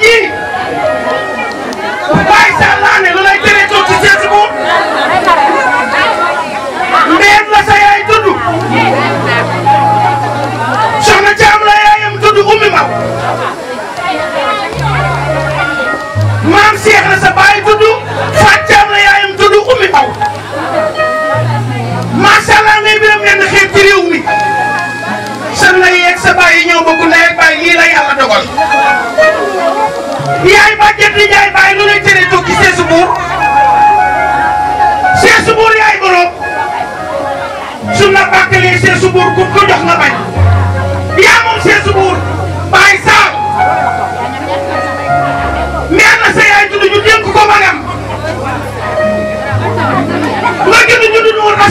ji waaye sax laa lay teree ci seet bu mbéyam la sa yaay tudd soxna Thiam la yaayam tudd ummi ma maam Cheikh la sa baay tudd Fatou mi sa ndey sa baay yi ñëw bokk ndey baay lii la yàlla dogal. yaay Maguette Ndiaye Baye lu lay tere toog ci seesu buur seesu buur yaay borom su la bàkkalee seesu buur ku ko nga bañ yaa moom seesu buur Baye Sam meer na sa yaay tudd ñu dénk ko magam nga judd judd nu war a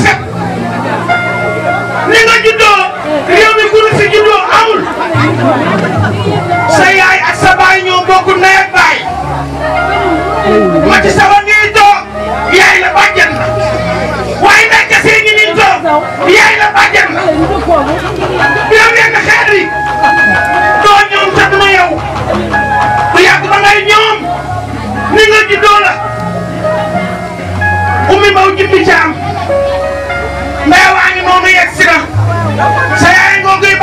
ni nga juddoo réew mi ku fi juddoo amul. ci sama nii toog yaay la bàjjen na waaye ndànk see ngi nii toog yaay la bàjjen na yow nekk xeet yi doo ñoom te duma yow bu yàgg ba ngay ñoom ni nga juddoo la ummi maw jimbi caam mbay waa ngi noonu yegg si na sa yaay ngoo koy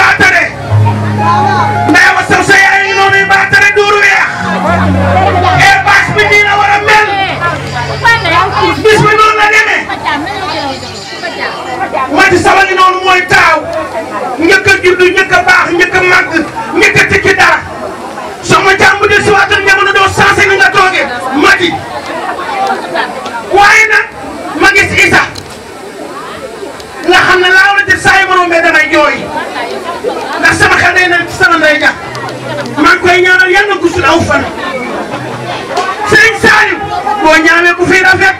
a juddu njëkk a baax njëkk a màgg njëkk a tekki dara sama jàmm de si waatal jamono doo sensé ni nga toogee mati waaye nag ma Isa nga xam ne laa war a def saa jooy ndax sama day nekk sama ndey ja maa ngi koy ñaanal yàlla na gusul aw fan Serigne Saliou boo ñaamee ku fi rafet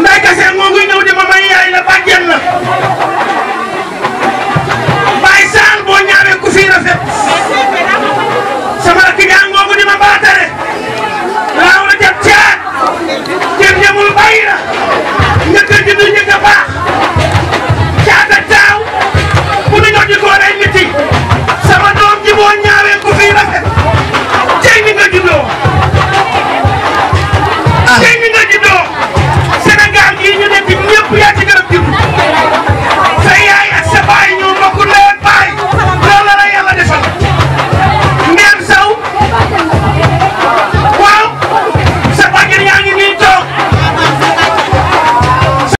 nday kase moo ngi ñëw di ma yaay la bàjjen la